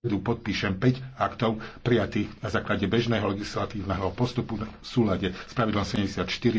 tu podpíšem 5 aktov prijatých na základe bežného legislatívneho postupu v súlade s pravidlom 74